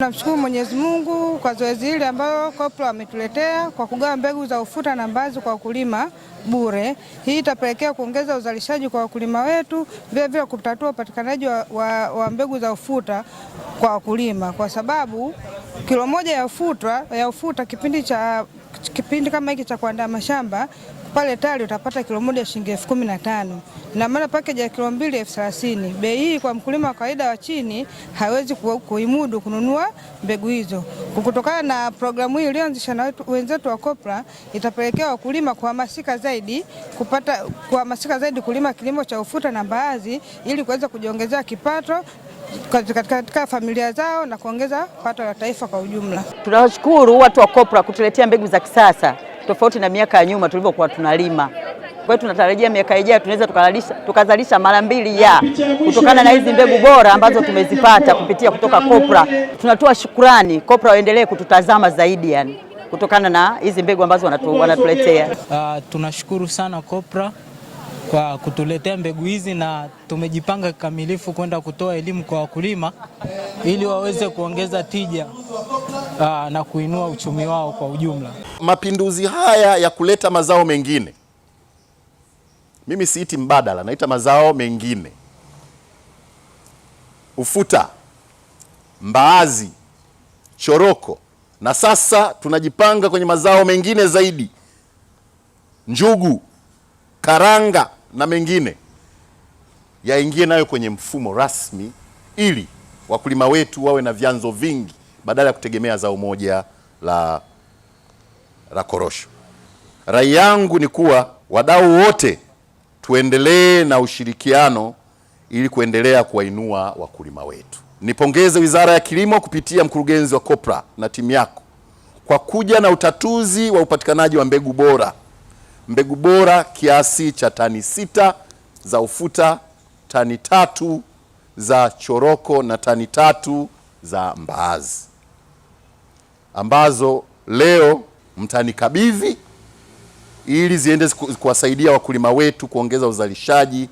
Tunamshukuru Mwenyezi Mungu kwa zoezi hili ambayo kopla ametuletea kwa kugawa mbegu za ufuta na mbazi kwa wakulima bure. Hii itapelekea kuongeza uzalishaji kwa wakulima wetu, vilevile kutatua upatikanaji wa, wa, wa mbegu za ufuta kwa wakulima, kwa sababu kilo moja ya ufuta, ya ufuta kipindi cha kipindi kama hiki cha kuandaa mashamba pale TARI utapata kilo moja shilingi elfu kumi na tano na maana pakeji ya kilo mbili elfu thelathini. Bei hii kwa mkulima wa kawaida wa chini hawezi kuimudu kununua mbegu hizo. Kutokana na programu hii iliyoanzishwa na wenzetu wa COPRA itapelekea wakulima kuhamasika zaidi kupata kuhamasika zaidi kulima kilimo cha ufuta na mbaazi ili kuweza kujiongezea kipato katika familia zao na kuongeza pato la taifa kwa ujumla. Tunawashukuru watu wa COPRA kutuletea mbegu za kisasa tofauti na miaka ya nyuma tulivyokuwa tunalima. Kwa hiyo tunatarajia miaka ijayo tunaweza tukazalisha mara mbili ya kutokana na hizi mbegu bora ambazo tumezipata kupitia kutoka COPRA. Tunatoa shukurani COPRA waendelee kututazama zaidi, yani kutokana na hizi mbegu ambazo wanatu, wanatuletea. Uh, tunashukuru sana COPRA kwa kutuletea mbegu hizi, na tumejipanga kikamilifu kwenda kutoa elimu kwa wakulima ili waweze kuongeza tija aa, ah, na kuinua uchumi wao kwa ujumla. Mapinduzi haya ya kuleta mazao mengine, mimi siiti mbadala, naita mazao mengine, ufuta, mbaazi, choroko na sasa tunajipanga kwenye mazao mengine zaidi, njugu, karanga na mengine yaingie nayo kwenye mfumo rasmi ili wakulima wetu wawe na vyanzo vingi badala ya kutegemea zao moja la, la korosho. Rai yangu ni kuwa wadau wote tuendelee na ushirikiano ili kuendelea kuwainua wakulima wetu. Nipongeze Wizara ya Kilimo kupitia mkurugenzi wa COPRA na timu yako kwa kuja na utatuzi wa upatikanaji wa mbegu bora mbegu bora kiasi cha tani sita za ufuta, tani tatu za choroko na tani tatu za mbaazi ambazo leo mtanikabidhi ili ziende kuwasaidia wakulima wetu kuongeza uzalishaji,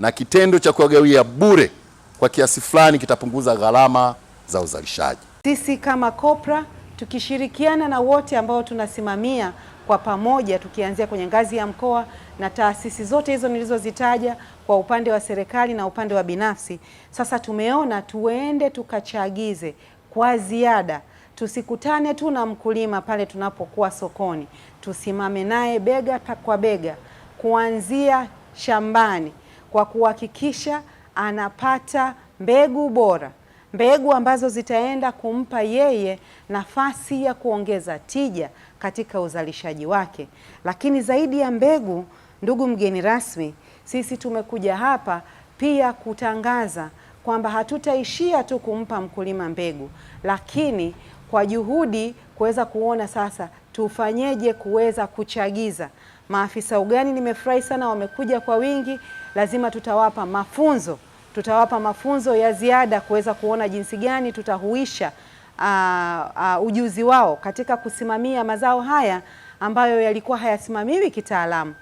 na kitendo cha kuwagawia bure kwa kiasi fulani kitapunguza gharama za uzalishaji. Sisi kama COPRA tukishirikiana na wote ambao tunasimamia kwa pamoja, tukianzia kwenye ngazi ya mkoa na taasisi zote hizo nilizozitaja kwa upande wa serikali na upande wa binafsi. Sasa tumeona tuende tukachagize kwa ziada, tusikutane tu na mkulima pale tunapokuwa sokoni, tusimame naye bega kwa bega kuanzia shambani kwa kuhakikisha anapata mbegu bora mbegu ambazo zitaenda kumpa yeye nafasi ya kuongeza tija katika uzalishaji wake. Lakini zaidi ya mbegu, ndugu mgeni rasmi, sisi tumekuja hapa pia kutangaza kwamba hatutaishia tu kumpa mkulima mbegu, lakini kwa juhudi kuweza kuona sasa tufanyeje kuweza kuchagiza. Maafisa ugani nimefurahi sana wamekuja kwa wingi, lazima tutawapa mafunzo tutawapa mafunzo ya ziada kuweza kuona jinsi gani tutahuisha uh, uh, ujuzi wao katika kusimamia mazao haya ambayo yalikuwa hayasimamiwi kitaalamu.